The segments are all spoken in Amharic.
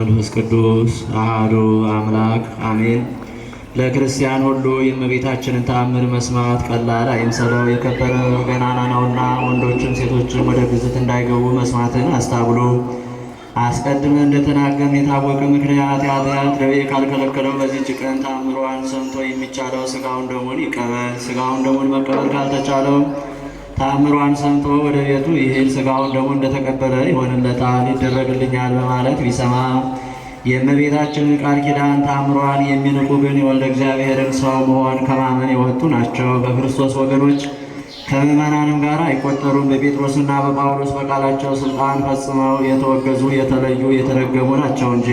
መንፈስ ቅዱስ አሐዱ አምላክ አሜን። ለክርስቲያን ሁሉ የእመቤታችንን ተአምር መስማት ቀላል አይምሰለው፣ የከበረ ገናና ነውና። ወንዶችም ሴቶችም ወደ ግዝት እንዳይገቡ መስማትን አስታብሎ አስቀድመን እንደተናገርን የታወቀ ምክንያት ኃጢአት ደዌ ካልከለከለው በዚህች ቀን ተአምሯን ሰምቶ የሚቻለው ስጋውን ደሙን ይቀበል። ሥጋውን ደሙን መቀበል ካልተቻለው ታምሯን ሰምቶ ወደ ቤቱ ይህን ስጋው ደግሞ እንደተቀበለ ይሆንለታል ይደረግልኛል በማለት ቢሰማ የእመቤታችንን ቃል ኪዳን ታምሯን የሚንቁ ግን የወልደ እግዚአብሔርን ሰው መሆን ከማመን የወጡ ናቸው። በክርስቶስ ወገኖች ከምእመናንም ጋር አይቆጠሩም። በጴጥሮስና በጳውሎስ በቃላቸው ስልጣን ፈጽመው የተወገዙ የተለዩ የተረገሙ ናቸው እንጂ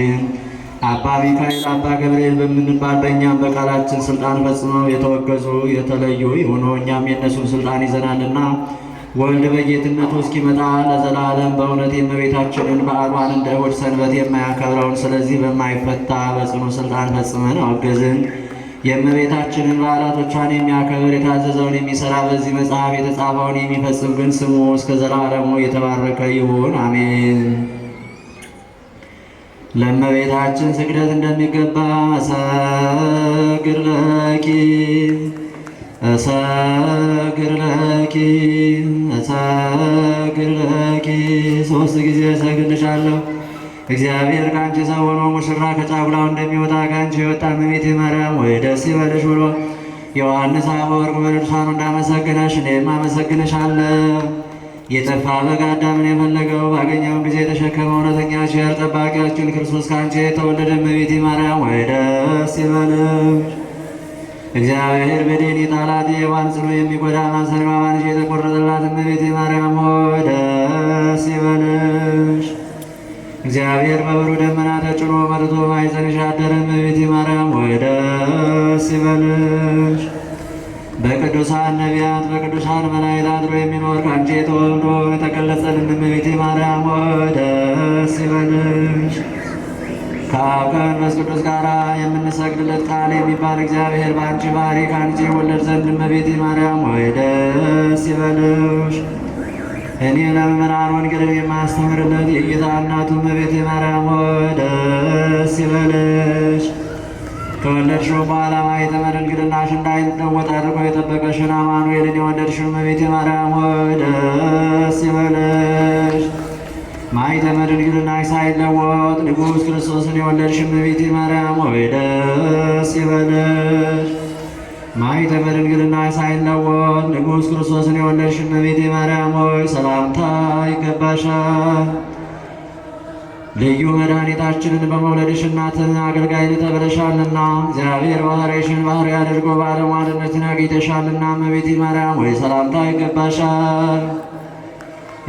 አባ ሚካኤል፣ አባ ገብርኤል በምንባል በእኛም በቃላችን ስልጣን ፈጽመው የተወገዙ የተለዩ የሆነ እኛም የእነሱን ስልጣን ይዘናልና ወልድ በጌትነቱ እስኪመጣ ለዘላለም በእውነት የእመቤታችንን በዓሏን እንደ እሑድ ሰንበት የማያከብረውን ስለዚህ በማይፈታ በጽኑ ስልጣን ፈጽመን አወገዝን። የእመቤታችንን በዓላቶቿን የሚያከብር የታዘዘውን የሚሰራ በዚህ መጽሐፍ የተጻፈውን የሚፈጽም ግን ስሙ እስከ ዘላለሙ የተባረከ ይሁን አሜን። ለመቤታችን ስግደት እንደሚገባ እሰግድ ለኪ እሰግድ ለኪ እሰግድ ለኪ ሶስት ጊዜ እሰግድልሻለሁ። እግዚአብሔር ከአንቺ ሰው ሆኖ ሙሽራ ከጫጉላው እንደሚወጣ ከአንቺ የወጣ እመቤቴ ማርያም ወይ ደስ ይበልሽ ብሎ ዮሐንስ አፈወርቅ በልድሳኑ እንዳመሰግነሽ እኔም አመሰግነሻለሁ። የጠፋ በግ አዳምን የፈለገው ባገኘው ጊዜ የተሸከመ እውነተኛ ቸር ጠባቂያችን ክርስቶስ ከአንቺ የተወለደ እመቤቴ ማርያም ወይ ደስ ይበልም። እግዚአብሔር በደን ጣላት የዋን ጽኑ የሚጎዳ ማሰር ባንሽ የተቆረጠላት እመቤቴ ማርያም ወይ ደስ ይበልሽ። እግዚአብሔር በብሩህ ደመና ተጭኖ መርቶ ማኅፀንሽ አደረ። በቅዱሳን ነቢያት በቅዱሳን መላእክት አድሮ የሚኖር ከአንቺ ተወልዶ የተገለጸልን እመቤቴ ማርያም ሆይ ደስ ይበልሽ። ከአብ ከመንፈስ ቅዱስ ጋር የምንሰግድለት ቃል የሚባል እግዚአብሔር በአንቺ ባህሪ ከአንቺ ወለድ ዘንድ እመቤቴ ማርያም ሆይ ደስ ይበልሽ። እኔ ለመምህራን ወንጌልን የማስተምርለት የጌታ እናቱ እመቤቴ ማርያም ሆይ ደስ ይበልሽ። ከወለድሽው በኋላ ማኅተመ ድንግልናሽ እንዳይለወጥ አድርጎ የጠበቀሽን አማኑኤልን የወለድሽው እመቤቴ ማርያም ሆይ ደስ ይበለሽ። ማኅተመ ድንግልናሽ ሳይለወጥ ንጉሥ ክርስቶስን የወለድሽ እመቤቴ ማርያም ሆይ ደስ ይበለሽ። ማኅተመ ድንግልናሽ ሳይለወጥ ንጉሥ ክርስቶስን የወለድሽ እመቤቴ ማርያም ሆይ ሰላምታ ይገባሻል። ልዩ መድኃኒታችንን በመውለድሽ እናትን አገልጋይን ተብለሻልና እግዚአብሔር ባሕርይሽን ባሕርይ አድርጎ ባለሟልነትን አግኝተሻልና እመቤቴ ማርያም ወይ ሰላምታ ይገባሻል።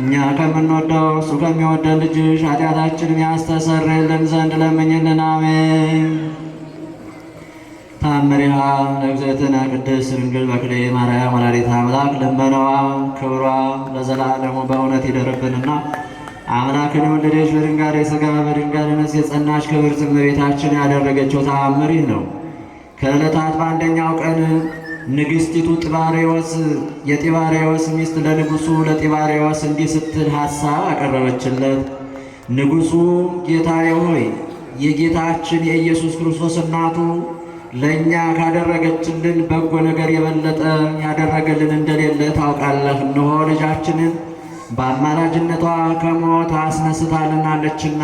እኛ ከምንወደው እሱ ከሚወደን ልጅሽ ኃጢአታችንን ያስተሰርልን ዘንድ ለምኝልን፣ አሜን። ታምሪሃ ለእግዝእትነ ቅድስት ድንግል በክልኤ ማርያም ወላዲተ አምላክ ልመናዋ ክብሯ ለዘላለሙ በእውነት ይደርብንና አምላክን የወለደች በድንጋሌ ሥጋ በድንጋሌ ነፍስ የጸናች ክብርት እመቤታችን ያደረገችው ተአምር ነው። ከዕለታት በአንደኛው ቀን ንግሥቲቱ ጢባሬዎስ የጢባሬዎስ ሚስት ለንጉሡ ለጢባሬዎስ እንዲህ ስትል ሐሳብ አቀረበችለት። ንጉሡ ጌታዬ ሆይ የጌታችን የኢየሱስ ክርስቶስ እናቱ ለእኛ ካደረገችልን በጎ ነገር የበለጠ ያደረገልን እንደሌለ ታውቃለህ። እንሆ ልጃችንን በአማላጅነቷ ከሞት አስነስታልናለችና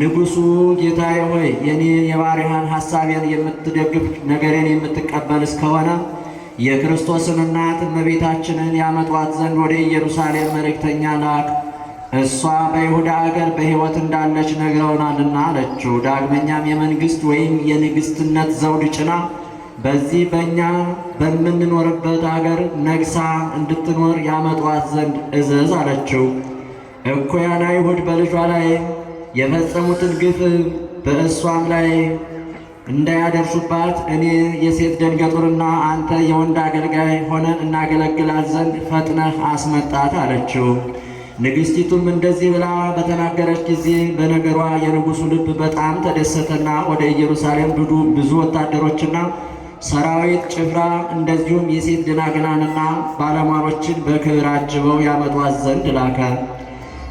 ንጉሱ ጌታዬ ሆይ የኔ የባሪያህን ሐሳቤን የምትደግፍ ነገሬን የምትቀበል እስከሆነ የክርስቶስን እናት እመቤታችንን ያመጧት ዘንድ ወደ ኢየሩሳሌም መልእክተኛ ላክ። እሷ በይሁዳ አገር በሕይወት እንዳለች ነግረውናልና አለችው። ዳግመኛም የመንግሥት ወይም የንግሥትነት ዘውድ ጭና በዚህ በእኛ በምንኖርበት አገር ነግሳ እንድትኖር ያመጧት ዘንድ እዘዝ አለችው። እኩያን አይሁድ በልጇ ላይ የፈጸሙትን ግፍ በእሷም ላይ እንዳያደርሱባት እኔ የሴት ደንገጡርና አንተ የወንድ አገልጋይ ሆነን እናገለግላት ዘንድ ፈጥነህ አስመጣት አለችው። ንግሥቲቱም እንደዚህ ብላ በተናገረች ጊዜ በነገሯ የንጉሡ ልብ በጣም ተደሰተና ወደ ኢየሩሳሌም ብዙ ወታደሮችና ሰራዊት ጭፍራ እንደዚሁም የሴት ደናግናንና ባለሟሎችን በክብር አጅበው ያመጧት ዘንድ ላከ።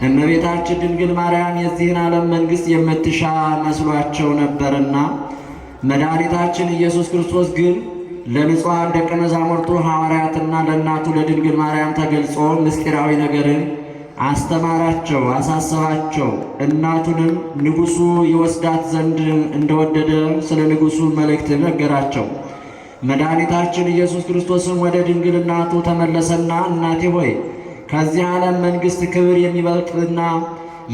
እመቤታችን ድንግል ማርያም የዚህን ዓለም መንግሥት የምትሻ መስሏቸው ነበርና መድኃኒታችን ኢየሱስ ክርስቶስ ግን ለንጹሐን ደቀ መዛሙርቱ ሐዋርያትና ለእናቱ ለድንግል ማርያም ተገልጾ ምስጢራዊ ነገርን አስተማራቸው፣ አሳሰባቸው። እናቱንም ንጉሡ ይወስዳት ዘንድ እንደወደደ ስለ ንጉሡ መልእክት ነገራቸው። መድኃኒታችን ኢየሱስ ክርስቶስም ወደ ድንግል እናቱ ተመለሰና እናቴ ሆይ ከዚህ ዓለም መንግሥት ክብር የሚበልጥና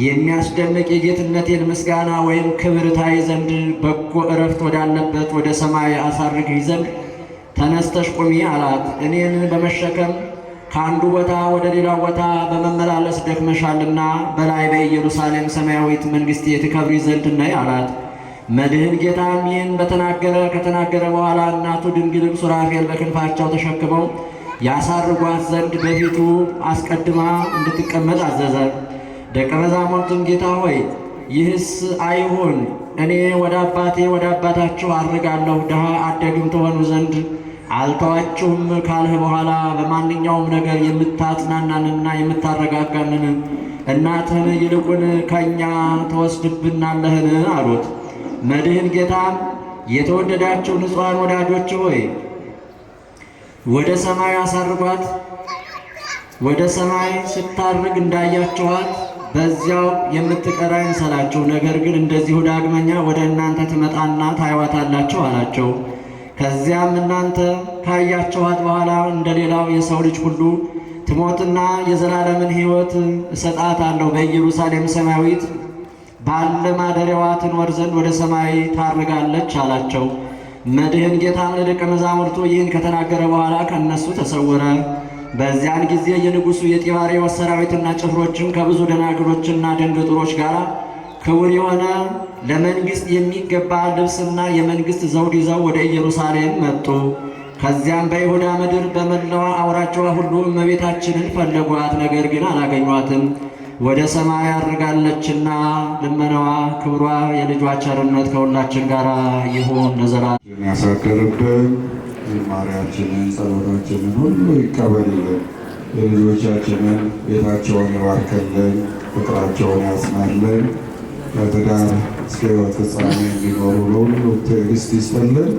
የሚያስደንቅ የጌትነቴን ምስጋና ወይም ክብር ታይ ዘንድ በጎ እረፍት ወዳለበት ወደ ሰማይ አሳርግ ዘንድ ተነስተሽ ቁሚ አላት። እኔን በመሸከም ከአንዱ ቦታ ወደ ሌላው ቦታ በመመላለስ ደክመሻልና በላይ በኢየሩሳሌም ሰማያዊት መንግሥት የትከብሪ ዘንድ ነይ አላት። መድህን ጌታም ይህን በተናገረ ከተናገረ በኋላ እናቱ ድንግል ሱራፌል በክንፋቸው ተሸክመው ያሳርጓት ዘንድ በፊቱ አስቀድማ እንድትቀመጥ አዘዘ። ደቀ መዛሙርቱም ጌታ ሆይ ይህስ አይሁን፣ እኔ ወደ አባቴ ወደ አባታችሁ አድርጋለሁ፣ ድሀ አደግም ተሆኑ ዘንድ አልተዋችሁም ካልህ በኋላ በማንኛውም ነገር የምታጽናናንና የምታረጋጋንን እናትህን ይልቁን ከእኛ ተወስድብናለህን አሉት። መድህን ጌታም የተወደዳችሁ ንጹሐን ወዳጆች ሆይ ወደ ሰማይ አሳርጓት፣ ወደ ሰማይ ስታርግ እንዳያችኋት በዚያው የምትቀር አይምሰላችሁ፣ ነገር ግን እንደዚሁ ዳግመኛ ወደ እናንተ ትመጣና ታይዋታላችሁ አላቸው። ከዚያም እናንተ ካያችኋት በኋላ እንደ ሌላው የሰው ልጅ ሁሉ ትሞትና የዘላለምን ሕይወት አለው በኢየሩሳሌም ሰማያዊት ባለ ማደሪያዋ ትኖር ዘንድ ወደ ሰማይ ታርጋለች አላቸው። መድህን ጌታም ለደቀ መዛሙርቱ ይህን ከተናገረ በኋላ ከእነሱ ተሰወረ። በዚያን ጊዜ የንጉሡ የጢባሬዎስ ሰራዊትና ጭፍሮችም ከብዙ ደናግሎችና ደንገጥሮች ጋር ክቡር የሆነ ለመንግሥት የሚገባ ልብስና የመንግሥት ዘውድ ይዘው ወደ ኢየሩሳሌም መጡ። ከዚያም በይሁዳ ምድር በመላዋ አውራቸዋ ሁሉ እመቤታችንን ፈለጓት፣ ነገር ግን አላገኟትም። ወደ ሰማይ አድርጋለችና ልመናዋ ክብሯ የልጇ ቸርነት ከሁላችን ጋር ይሁን ለዘላለም። ያሳክርብን። ዝማሪያችንን ጸሎታችንን ሁሉ ይቀበልልን። የልጆቻችንን ቤታቸውን ይባርክልን፣ ፍቅራቸውን ያጽናልን። ለትዳር እስከ ሕይወት ፍጻሜ እንዲኖሩ ለሁሉ ትዕግስት ይስጠልን።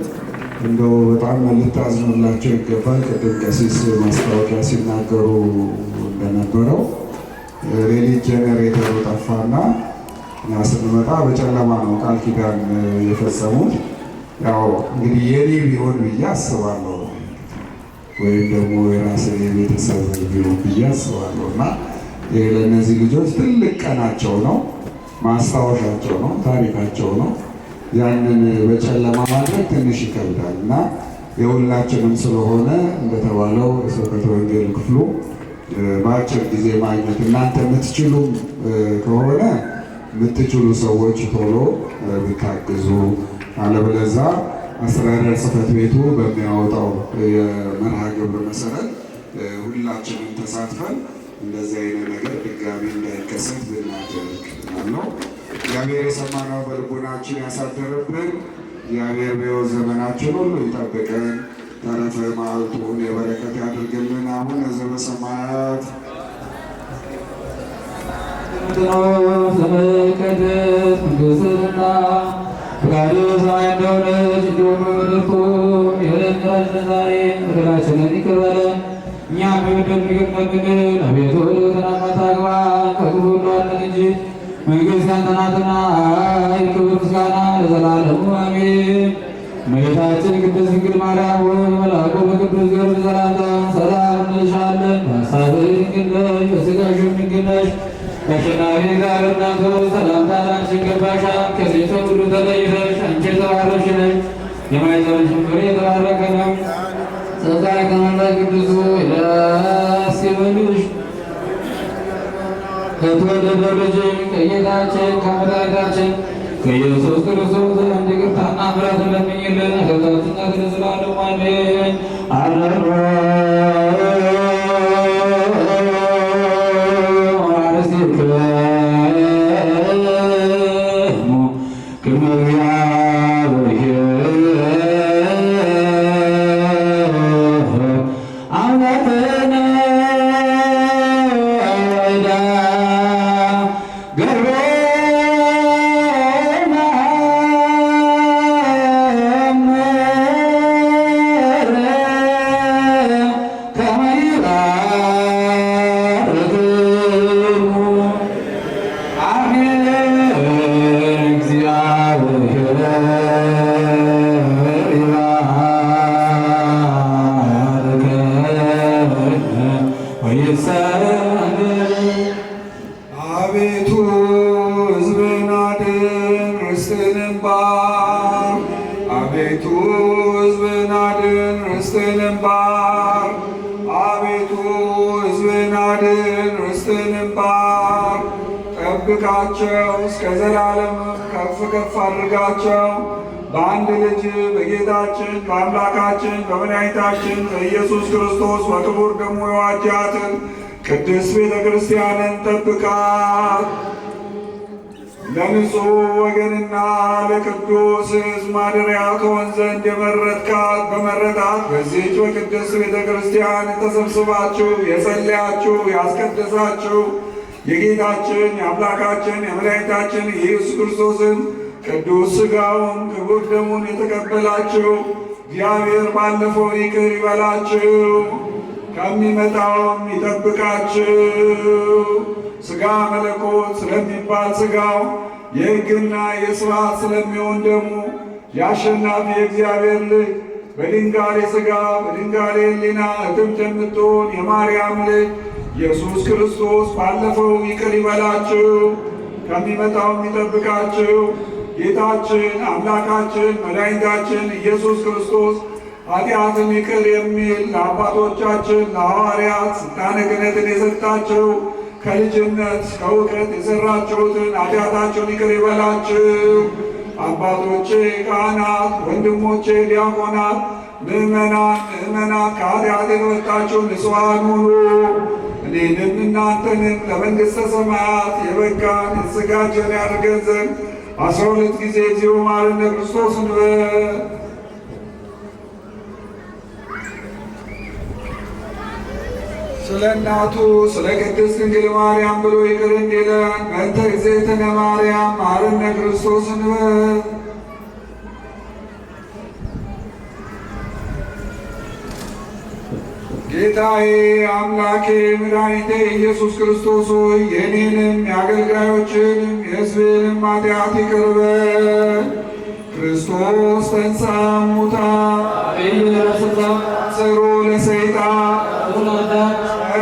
እንደው በጣም ልታዝኑላቸው ይገባል። ቅድም ቀሲስ ማስታወቂያ ሲናገሩ እንደነበረው ሌሊት ጀነሬተሩ ጠፋና እና ስንመጣ በጨለማ ነው ቃል ኪዳን የፈጸሙት። ያው እንግዲህ የኔ ቢሆን ብዬ አስባለሁ ወይም ደግሞ የራሴ የቤተሰብ ቢሆን ብዬ አስባለሁ እና ለእነዚህ ልጆች ትልቅ ቀናቸው ነው፣ ማስታወሻቸው ነው፣ ታሪካቸው ነው። ያንን በጨለማ ማድረግ ትንሽ ይከብዳል እና የሁላችንም ስለሆነ እንደተባለው የስብከተ ወንጌል ክፍሉ በአጭር ጊዜ ማግኘት እናንተ የምትችሉም ከሆነ የምትችሉ ሰዎች ቶሎ ብታግዙ፣ አለበለዛ አስተዳደር ጽሕፈት ቤቱ በሚያወጣው የመርሃ ግብር መሰረት ሁላችንም ተሳትፈን እንደዚህ አይነት ነገር ድጋሚ እንዳይከሰት ብናደርግ ነው። እግዚአብሔር የሰማነው በልቦናችን ያሳደረብን እግዚአብሔር በሕይወት ዘመናችን ሁሉ ይጠብቀን። በረተ ማዕቱን የበረከት ያድርግልን። አቡነ ዘበሰማያት ተመቀደስ ንግስና ሰማይ እንደሆነች እንዲሁም ምድርኩ የዕለት እንጀራችንን ዛሬ በደላችንን ይቅር በለን እኛም በበደሉን ይቅር በለን። አቤቱ ያንተ ናትና ክብር፣ ምስጋና ለዘላለሙ አሜን። እመቤታችን ቅድስት ድንግል ማርያም ወይ መልአኩ በቅዱስ ገብርኤል ሰላምታ ሰላም እንልሻለን። በሐሳብሽ ድንግል ነሽ፣ በሥጋሽም ድንግል ነሽ። ከሽናዊ ጋር እናት ሆይ ሰላምታ ላንቺ ይገባሻል። ከሴቶች ሁሉ ተለይተሽ አንቺ የተባረክሽ ነሽ፣ የማኅፀንሽም ፍሬ የተባረከ ነው። ጸጋን ከመላእ ቅዱሱ ደስ ይበልሽ። ከተወደደው ልጅ ከጌታችን ከመድኃኒታችን يسوس رسوس أنجك تانا براد لمي لنا خذاتنا رسلان وانين على الرأي በማድን ርስትህን ጠብቃቸው እስከ ዘላለም ከፍ ከፍ አድርጋቸው በአንድ ልጅ በጌታችን በአምላካችን በመድኃኒታችን በኢየሱስ ክርስቶስ በክቡር ደሙ የዋጃትን ቅድስት ቤተ ክርስቲያንን ጠብቃት። ለንጹሕ ወገንና ለቅዱስ ሕዝብ ማደሪያ ከሆን ዘንድ የመረጥካት በመረጣት በዚህች በቅድስት ቤተ ክርስቲያን ተሰብስባችሁ የጸለያችሁ ያስቀደሳችሁ የጌታችን የአምላካችን የመድኃኒታችን የኢየሱስ ክርስቶስን ቅዱስ ሥጋውን ክቡር ደሙን የተቀበላችሁ እግዚአብሔር ባለፈው ይቅር ይበላችሁ፣ ከሚመጣውም ይጠብቃችሁ። ስጋ መለኮት ስለሚባል ስጋው የሕግና የሥርዓት ስለሚሆን ደግሞ የአሸናፊ የእግዚአብሔር ልጅ በድንጋሌ ሥጋ በድንጋሌ ሕሊና እትም የምትሆን የማርያም ልጅ ኢየሱስ ክርስቶስ ባለፈው ይቅር ይበላችሁ ከሚመጣው የሚጠብቃችሁ ጌታችን አምላካችን መድኃኒታችን ኢየሱስ ክርስቶስ ኃጢአትን ይቅር የሚል ለአባቶቻችን ለሐዋርያት ስልጣነ ክህነትን የሰጣቸው ከልጅነት ከእውቀት የሠራችሁትን ኃጢአታቸውን ይቅር ይበላችሁ። አባቶቼ ካህናት፣ ወንድሞቼ ዲያቆናት፣ ምእመናን ምእመናት ከኃጢአት የተወጣችሁ ንጹሐን ሁኑ። እኔንም እናንተንም ለመንግሥተ ሰማያት የበቃን የተዘጋጀን ያደርገን ዘንድ አስራ ሁለት ጊዜ እግዚኦ መሐረነ ክርስቶስ እንበል። ስለ እናቱ ስለ ቅድስት ድንግል ማርያም ብሎ ይቅር እንዲለን በእንተ እግዝእትነ ማርያም ማርነ ክርስቶስ እንበል። ጌታዬ አምላኬ መድኃኒቴ ኢየሱስ ክርስቶስ ሆይ የኔንም የአገልጋዮችንም የሕዝብንም ኃጢአት ይቅር በል። ክርስቶስ ተንሥአ እሙታን አሰሮ ለሰይጣን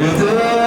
Yeah.